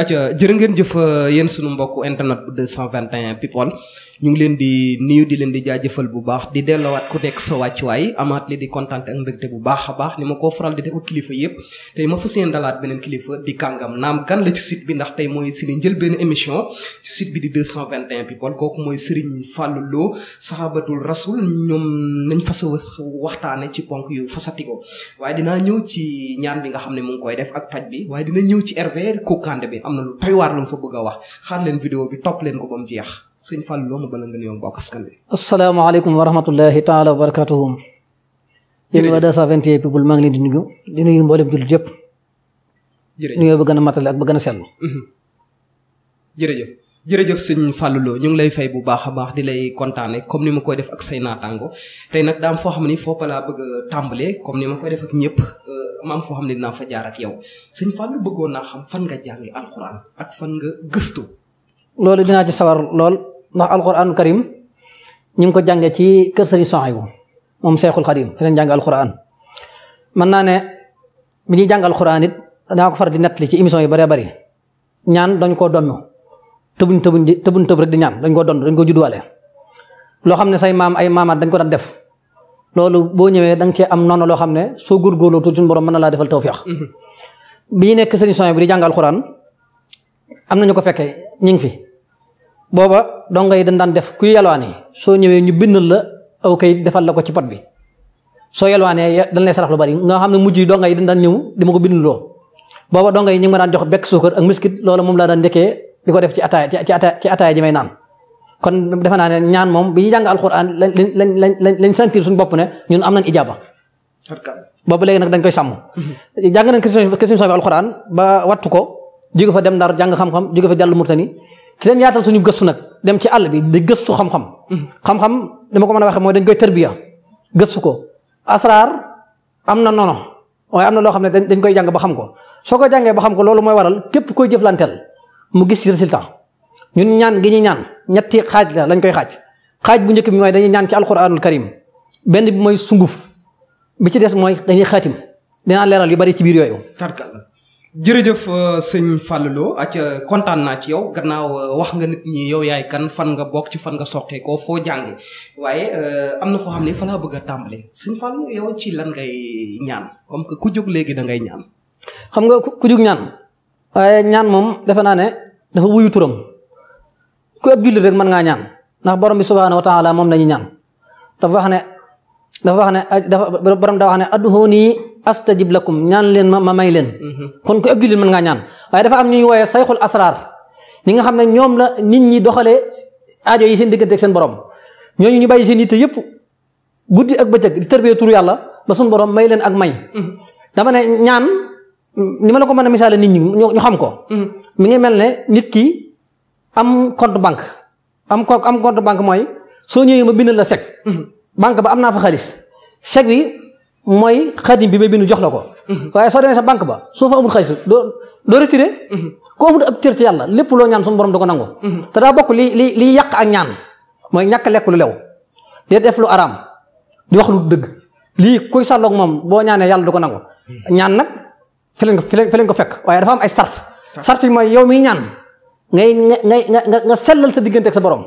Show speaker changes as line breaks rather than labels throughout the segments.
aca jërë ngeen jëf uh, yéen sunu mbokk internet bu 221 people ñu ngi leen di nuyu di leen di jaajëfal bu baax di dellowaat ku nekk sa wàccuwaay amaat li di kontaan ak mbégte bu baax a baax ni ma koo faral di def ak kilifa yëpp tey ma fas yéene dalaat beneen kilifa di kàngam naam gan la ci site bi ndax tey mooy si ni njël benn émission ci site bi di 221 people kooku mooy Serigne Fallou Lo saxaabatul rasul ñoom nañ fas waxtaane ci ponk yu fasatiko waaye dinaa ñëw ci ñaan bi nga xam ne mu ngi koy def ak taj bi waaye dina ñëw ci RV Koukandé bi am na waar lu mu wax xaar leen vidéo bi topp leen ko ba jeex sëñ Fallou loo ma bala nga nuyoo mbokk askan bi.
asalaamaaleykum wa rahmatullahi taala wa barakatuhu. yéen waa 221 people maa ngi leen di nuyu di nuyu mboolem jullit yëpp. jërëjëf nuyoo ba gën a matale ak ba gën a sell.
Mhm. jërëjëf jërëjëf sëñ Fallou ñu ngi lay fay bu baax a baax di lay kontaane comme ni ma koy def ak say naataango tey nag daam foo xam ni foo laa bëgg a comme ni ma koy def ak ñëpp euh, maam foo xam ne dinaa fa jaar ak yow sëñ Fallou bëggoon naa xam fan nga jàngi alxuraan ak fan nga gëstu.
loolu dinaa ci ndax alquran karim ñu ngi ko jàngee ci kër sëriñ Sohaybu moom Seexul Xadim fi leen jàng alquran mën naa ne bi ñuy jàng alquran it danaa ko far di nettali ci émission yu bëree bëri ñaan dañ koo donn tëbuñ tëbuñ di tëbuñ tëb rek di ñaan dañ koo donn dañ koo judduwaale loo xam ne say maam ay maamaat dañ ko daan def loolu boo ñëwee da nga cee am noonu loo xam ne soo góorgóorloo tu suñu borom mën na laa defal tawféex mm-hmm. bi ñu nekk sëriñ Sohaybu di jàng alquran am nañu ko fekkee ñu ngi fi booba dongo yi dañ daan def kuy yalwaane soo ñëwee ñu bindal la aw kayit defal la ko ci pot bi soo yalwaanee dañ lay sarax lu bari nga xam ne mujj yi dongo yi dañ daan ñëw di ma ko bindaloo booba dongo yi ñu ngi daan jox bekk suukar ak miskit loolu moom laa daan ndekkee di ko def ci ataaya ci ci ataaya ji may naan kon defe ñaan moom bi ñu jàng alxuraan lañ lañ lañ lañ sentir suñu bopp ne ñun am nañ ijaaba boobu léegi nag dañ koy sàmm jàng nañ question question bi alxuraan ba wattu ko jóge fa dem ndar jàng xam-xam jóge ci leen yaatal suñu gëstu nag dem ci àll bi di gëstu xam-xam. xam-xam ni ma ko mën a waxee mooy dañ koy tërbiya gëstu ko asraar am na nono waaye am na loo xam ne dañ koy jàng ba xam ko soo ko jàngee ba xam ko loolu mooy waral képp koy jëflanteel mu gis ci résultat ñun ñaan gi ñu ñaan ñetti xaaj la lañ koy xaaj xaaj bu njëkk bi mooy dañuy ñaan ci alquranul karim benn bi mooy sunguf bi ci des mooy dañuy xaatim dinaa leeral yu bari ci biir
yooyu. jërëjëf euh, sëñ Fallou Lo ak euh, kontaan naa ci yow gannaaw euh, wax nga nit ñi yow yaay kan fan nga bokk ci fan nga soqeekoo foo jànge waaye am na foo xam ne fa laa bëgg a tàmbale sëñ Fallou yow ci lan ngay ñaan comme que ku jóg léegi da ngay ñaan. xam nga ku jóg ñaan
waaye ñaan moom defe naa ne dafa wuyu turam ku ab jullit rek mën ngaa ñaan ndax borom bi subhaanahu wa taala moom la ñuy ñaan dafa wax ne dafa wax ne dafa borom daa wax ne adduhoonii astajib lakum ñaan leen ma ma may leen mhm. kon ko ëpp jullit mën ngaa ñaan waaye dafa am ñuy wooyee sayxul asraar ñi nga xam ne ñoom la nit ñi doxalee aajo yi seen diggante ak seen borom ñoo ñu bàyyi seen yitte yëpp guddi ak bëccëg di tërbee turu yàlla ba suñ borom may leen ak may mhm. dama ne ñaan ni ma la ko man a misaale nit ñi ñu xam ko mhm. mi ngi mel ne nit ki am compte banque am ko am compte banque mooy soo ñëwee ma bindal la chèque banque ba am naa fa xaalis chèque bi mooy xadim bi may bindu jox la ko. Mhm. waaye soo demee sa banque ba soo fa amul xaalis doo doo retiré. Mhm. ku amul ab cër ci yàlla lépp loo ñaan suñu borom da ko nangu. Mhm. li li liy yàq ak ñaan mooy ñàkk lekk lu lew di def lu araam di wax lu dëgg lii kuy sàlloog moom boo ñaanee yàlla du ko nangu. ñaan nag fi leen ko fi leen ko fekk waaye dafa am ay sart. sart mooy yow miy ñaan nga sellal sa diggante ak sa borom.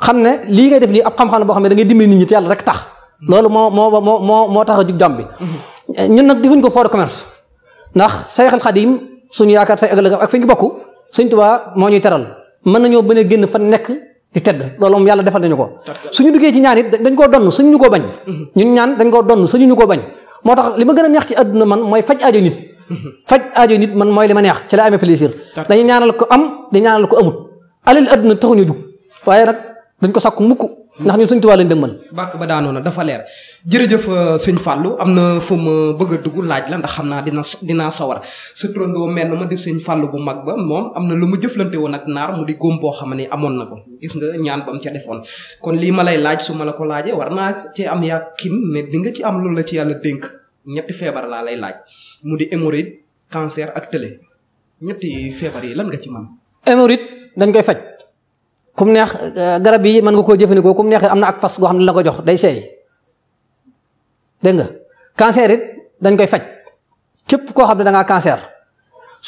xam ne lii ngay def nii ab xam-xam boo xam ne da ngay nit ñi te yàlla rek tax. loolu moo moo moo moo moo tax a jug jàmm bi ñun nag defuñ ko fort de commerce ndax Seexal Xadim suñu yaakaar tey ëllëg ak fi ñu bokk Sëñ Tuubaa moo ñuy teral mën nañoo bañ a génn fa nekk di tedd loolu moom yàlla defal nañu ko suñu duggee ci ñaan it dañ koo donn suñu ñu ko mhm. bañ moo tax li ma gën a neex ci àdduna man mooy faj aajo nit mhm. faj aajo nit man mooy li ma neex ci la amee plaisir dañu ñaanal ko am di ñaanal ko amut alal àdduna taxuñu jug
waaye nag dañ ko sakku mukk ndax ñun sëñ Tuubaa lañ dëmmal. bàkk ba daanoo dafa leer jërëjëf euh, sëñ Fallou am na fu ma bëgg a dugg laaj la ndax xam naa dina dinaa sawar sa turandoo mel ma di sëñ Fallou bu mag ba moom am na lu mu jëflante woon ak naar mu di góom boo xam ne amoon na ko gis nga ñaan ba mu ca defoon. kon lii ma lay laaj su ma la ko laajee war naa cee am yàqin ne di nga ci am loolu la ci yàlla dénk ñetti feebar laa lay laaj mu di hémorroïde cancer ak tële ñetti feebar yi lan nga ci mën.
kum neex euh, garab yi mën nga koo jëfandikoo kum neex am na ak fas goo xam ne la ko jox day seey dégg nga cancer it dañ koy faj képp koo xam ne da ngaa cancer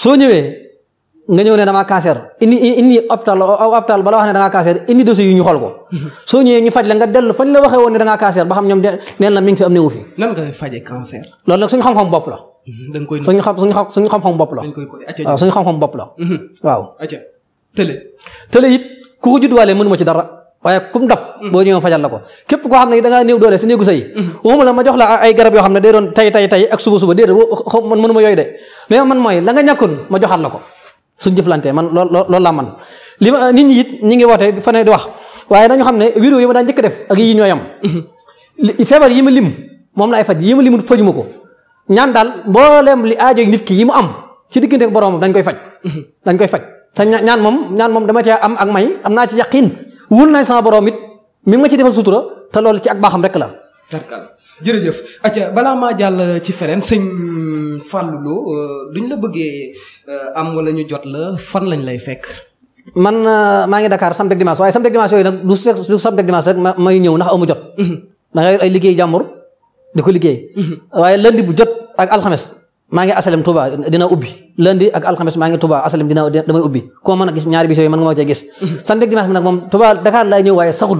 soo ñëwee nga ñëw ne damaa cancer indi indi hôpital hôpital bala wax ne da ngaa cancer indi yu ñu xool ko. soo ñëwee ñu faj la nga dellu fañ la waxee woon ne da ngaa cancer ba xam ñoom de neen na mi ngi fi am néew fi.
nan nga fajee
xam-xam bopp la. Mhm, dañ koy suñu xam suñu xam suñu xam-xam bopp la. dañ koy waaw suñu xam-xam la. Mhm. ku ko juddwaale mënu ma ci dara waaye kum dab mm. boo ñëwee fajal la ko képp koo xam ne da ngaa néew doole si néegu sëy mm. waxuma la ma jox la ay garab yoo xam ne day doon tay tay ak suba suba déedéet man man mooy la nga ñàkkoon ma joxaat la ko suñ jëflantee man lool loolu laa man li ma nit ñi it ñi ngi woote fa ne di wax waaye dañu xam ne vidéo yi ma daan njëkk def ak yi ñooyam mm-hmm. feebar yi ma lim moom laay faj yi ma limut fajuma ko ñaan daal mbooleem li aajo nit ki yi mu am ci diggante ak boroomam dañ koy faj mm-hmm. dañ koy faj te ñaan moom ñaan moom dama cee am ak may am naa ci yaqin
wul nañ sama borom it mi ma ci defal sutura te loolu ci ak baaxam rek la. jërëjëf acca balaa maa jàll ci feneen sëñ Fallou Lo euh, duñ la bëggee euh, am wala ñu jot la fan lañ lay fekk.
man euh, maa ngi Dakar samedi ak dimanche waaye samedi ak dimanche yooyu nag du du samedi ak dimanche rek ma may ñëw ndax amu jot. Mhm. da ay liggéey jàmbur di ko liggéey. Mhm. waaye lundi bu jot ak alxames. maa ngi asalem Touba dina ubbi lundi ak alxames maa ngi Touba asalem dina damay ubbi koo mën a gis ñaari bis yooyu mën nga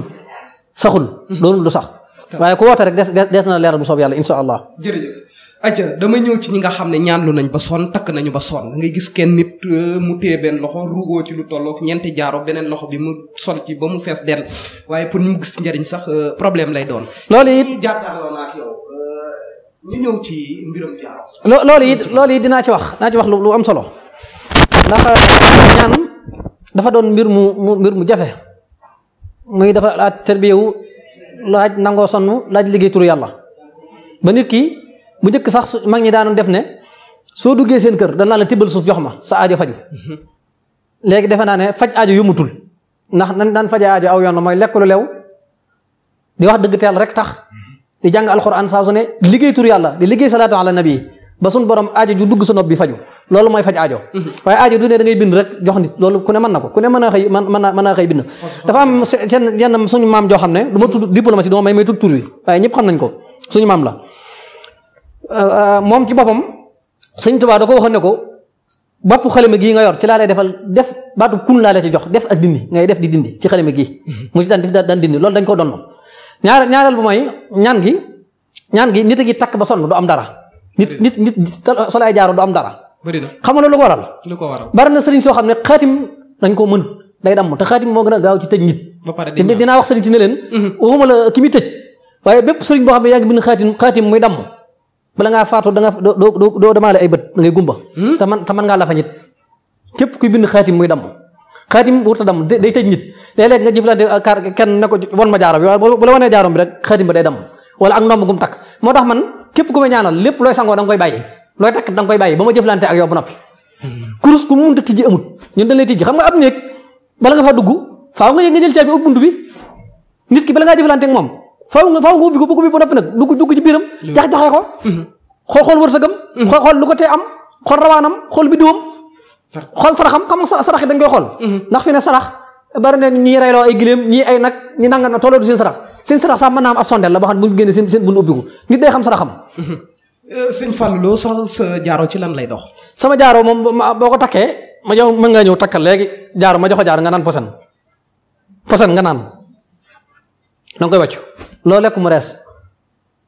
loolu du sax waaye ku woote rek des des na leeral bu soob yàlla insha allah
jërëjëf aja damay ñëw ci ñi nga xam ne ñaanlu nañ ba sonn takk nañu ba sonn ngay gis kenn nit euh, mu téye benn loxo ruugoo ci lu tollook ñeenti jaaro beneen loxo bi mu sol ci ba mu fees dell waaye pour ñu mu gis njëriñ sax euh, problème lay doon loolu it ñu ñëw ci
loolu yi loolu yi dinaa ci wax dinaa ci wax lu am solo ndax euh, ñaan dafa doon mbir mu mbir mu jafe muy dafa laaj terbiyewu laaj nangoo sonn laaj liggéey turu yàlla ba nit kii bu njëkk sax mag ñi daanoon def ne soo duggee seen kër dana la tibbal suuf jox ma sa ajo faju léegi defe naa ne faj aajo yumutul ndax nan daan faja ajo aw yoon la mooy lekk lu lew di wax dëgg teel rek tax di jàng alxuraan saa su ne liggéey tur yàlla di liggéey salaatu ala nabi ba sun borom aajo ju dugg sa nopp bi faju loolu mooy faj aajo mhm. waaye aajo du ne da bind rek jox nit loolu ku ne mën na ko ku ne mën naa xëy mën naa mën naa xëy bind dafa am seen yenn suñu maam ma tudd diplomatie du ma may may tudd tur wi ko suñu maam la euh, euh, moom ci boppam sëñ Tuubaa da ko waxoon ne ko bàppu xalima gii yor ci laa defal def baatu kun laa la ci jox def ak dindi ngay def di dindi ci xalima gii mhm. mu ci daan def daan dindi loolu dañ ko donn ñaar ñaareel bu mooy ñaan gi ñaan gi nit a ngi takk ba sonn du am dara. nit nit nit sol ay jaaro du am dara. bëri na xam nga lu ko waral. lu ko waral bari na sëriñ soo xam ne xaatim dañ koo mën day damm te xaatim moo gën a gaaw ci tëj nit. ba pare dinaa wax sëriñ si ne leen. Mhm. waxuma la ki muy tëj. waaye bépp sëriñ boo xam ne yaa muy damm bala ngaa faatu da nga doo doo doo demaale ay bët da ngay gumba. Hmm? te man te mën ngaa lafa ñit képp kuy bind xaatim muy damm xaatim wurta dam day tëj nit léeg-léeg nga jëflante uh, kar kenn ne ko won ma jaarom bi waaye bu la wanee jaarom bi rek takk moo tax man képp ku may ñaanal lépp looy sangoo da koy bàyyi looy takk da koy bàyyi ba ma jëflante ak yow ba noppi kurus ku munta tijji amut ñun dañ lay tijji xam nga ab néeg bala nga fa dugg faaw nga nga jël caabi ubbi bu noppi nag dugg dugg jax-jaxee ko mm-hmm. xool xool wërsëgam mm-hmm. xool xool lu ko am xool rawaanam xool bi duwam xool sarax xam xam sarax yi dañ koy xool. Mm-hmm. ndax fi ne sarax bari na ñii reyloo ay gileem ñi ay nag ñi nangam tolloo du seen sarax seen sarax sax ma naa am ab sondeel la boo xam ne bu ñu génnee seen seen bunt ubbiku day xam saraxam.
Mm-hmm. Euh, sëñ Fallou sa jaaroo ci lan lay dox.
sama jaaroo moom boo ko takkee ma jox nga ñëw takkal léegi jaaroo ma jox ko jaaroo nga naan posen nga naan da nga koy loolu lekk mu rees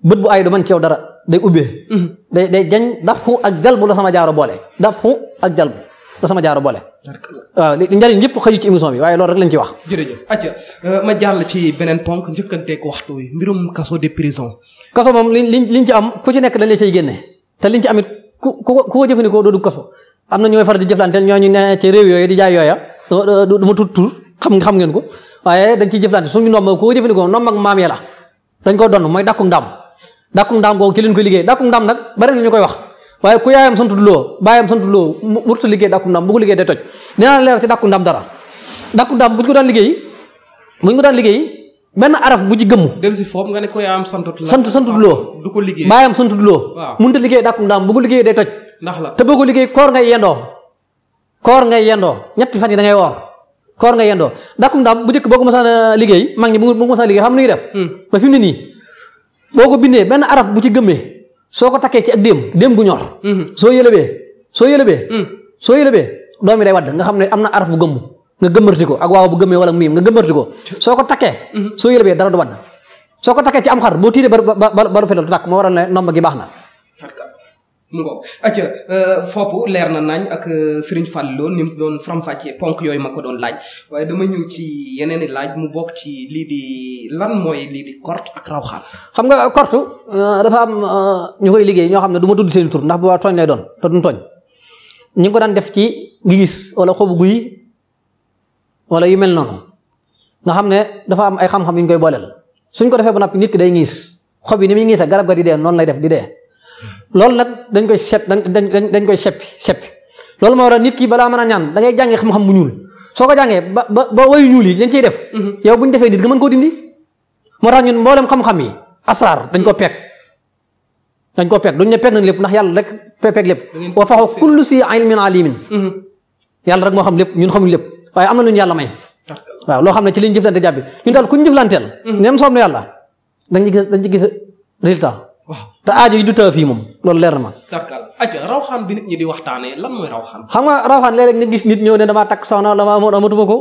bët bu ay du man dara day ubbee. Mm-hmm. day day jañ dafu ak jalbu la sama jaaro boole daf dafu ak jalbu. la sama jaaro boole. waaw li njëriñ lépp xëju ci émission bi waaye loolu rek lañ ci wax.
Euh, ma jaar la ci beneen ponk njëkkanteeg waxtu wi mbirum kaso de prison. kaso moom liñ liñ ci am ku ci nekk dañ la cay te liñ ci am ku ko jëfandikoo doo dugg kaso
di jëflante ñooñu ne ci réew yooyu di jaay yooya du ma tudd tur xam xam ngeen ko waaye dañ ku ko jëfandikoo ndomb ak maam ya la dañ ko donn mooy dàkkum ndaam dàkkum ndaam googu ki koy liggéey dàkkum ndaam nag bari na koy wax waaye ku yaayam sant loo baayam sant loo wurtu liggéey dàkku ndam bu ko liggéey day toj nee naa leer ci dàkku ndam dara dàkku ndam liggéey buñ ko daan liggéey benn araf bu ci gëmm. del si foofu nga ne ku sant sant sant loo ah, du ko liggéey baayam sant loo a liggéey dàkku ndam bu ko liggéey day toj ndax la te boo ko liggéey koor ngay yendoo koor ngay yendoo ñetti fan yi woor koor nga yendoo dàkku ndam bu njëkk boo ko mësaan liggéey mag ñi bu ko mësaan liggéey xam nu ñuy def hmm. ba fi mu nii boo ko bindee benn araf bu ci gëmmee soo ko takkee ci ak déem déem gu ñor. Mm-hmm. soo yëlebee soo yëlebee. Mm. soo yëlebee doom yi day wadd nga xam ne am na araf bu gëmm nga gëmmarti ko ak waaw bu gëmmee wala miim nga gëmmarti ko soo ko takkee. Mm-hmm. soo yëlebee dara du wadd soo ko takkee ci am xar boo tiitee ba ba ba ba lu fetal du tàkk moo waral ne ndomb gi baax na.
mu ngoog acca euh, foofu leer na nañ ak euh, Serigne Fall lool ni mu doon faram-fàccee ponk yooyu ma ko doon laaj waaye dama ñëw ci yeneen i laaj mu bokk ci lii di lan mooy lii di kort ak rawxaan. xam nga euh,
dafa am ñu koy liggéey ñoo xam ne du ma tudd seen tur ndax bu waa doon te duñ ñu ngi ko daan def ci ngi gis wala xobu guy wala yu mel noonu nga xam ne dafa am ay xam-xam ñu koy booleel suñ ko defee ba noppi nit ki day ngiis xob yi ni muy ngiisee garab ga di dee noonu lay def di dee. loolu nag dañ koy sepp dañ dañ dañ koy seppi seppi loolu moo nit ki balaa mën a ñaan da ngay jàngee xam-xam bu ñuul soo ko jàngee ba ba ba wayu ñuul yi dañ ciy def. Mm-hmm. yow bu ñu defee nit nga mën koo dindi. moo tax ñun mboolem xam-xam yi asraar dañ ko pegg dañ ko pegg duñ ne pegg nañ lépp ndax yàlla rek pegg lépp. wa faxu kullu si ilmin alimin mm-hmm. yàlla rek moo xam lépp ñun xamuñ lépp waaye am na lu ñu yàlla may. waaw loo xam ne ci liñ jëflante jàpp ñun daal ku ñu jëflanteel. Mm-hmm. même soob na yàlla dañ ci gis dañ ci gis résultat te aajo yi du fii moom loolu leer na ma.
d'accord xam bi nit ñi di waxtaanee lan mooy rawxaan.
xam nga rawxaan léeg-léeg nga gis nit ñëw ne damaa takk soxna damaa amoon amatuma ko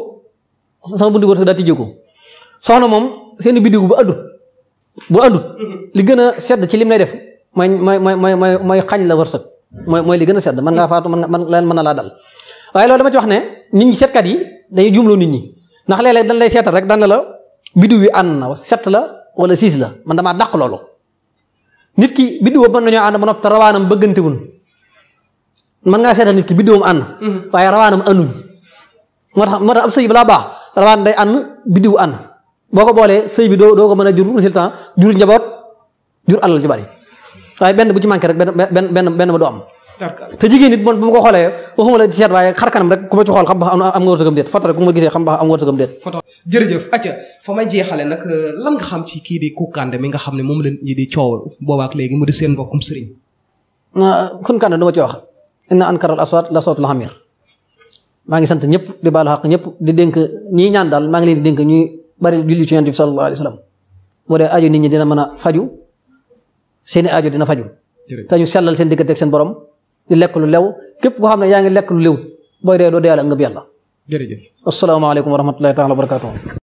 sama buntu wërsëg daa tijjee ko soxna moom seen biddigu bu àddut bu àddut mhm. li gën a sedd ci lim lay def mooy mooy mooy mooy mooy xañ la wërsëg mooy mooy li gën a sedd man ngaa faatu mën man leen mën na laa dal waaye loolu dama ci wax ne nit ñi seetkat yi dañuy jumloo nit ñi ndax léeg dan lay seetal rek daan la biddiw bi ànd na la wala siis la man damaa dàq loolu nit ki biddiwoo mën nañoo ànd ba nopp te rawaanam bëggantewul mën ngaa seetal nit ki biddiwoom ànd. Mhm. waaye rawaanam ànduñ. moo tax moo tax ab sëy balaa baax rawaan day ànd biddiwu ànd boo ko boolee sëy bi doo doo ko mën a jur résultat jur njaboot jur alal ju bari waaye benn bu ci manqué rek benn benn benn benn ba te jigéen nit man bu ma ko xoolee waxuma la seet waaye xar kanam rek ku ma ci xool xam ba am nga wërsëgam déet foto xam ba
euh, lan xam ci kii di Kounkandé mi nga xam ne moom la ñi di coowal boobaak léegi mu di seen mbokkum sëriñ
Kounkandé du ma ci wax inna ankaral aswaat la xam hamir maa ngi sant ñëpp di baalu xaq ñëpp di dénk ñii ñaan daal maa ngi leen di dénk ñuy bari julli ci yonent bi sallallahu wa sallam boo dee nit ñi dina mën a faju seeni ajo dina faju te ñu sellal seen diggante ak seen borom di lekk lu lew képp koo xam ne yaa ngi
lekk lu lewut booy dee doo dee yàlla nga bi yàlla. jërëjëf asalaamaaleykum wa rahmatullahi taala wa barakaatuhu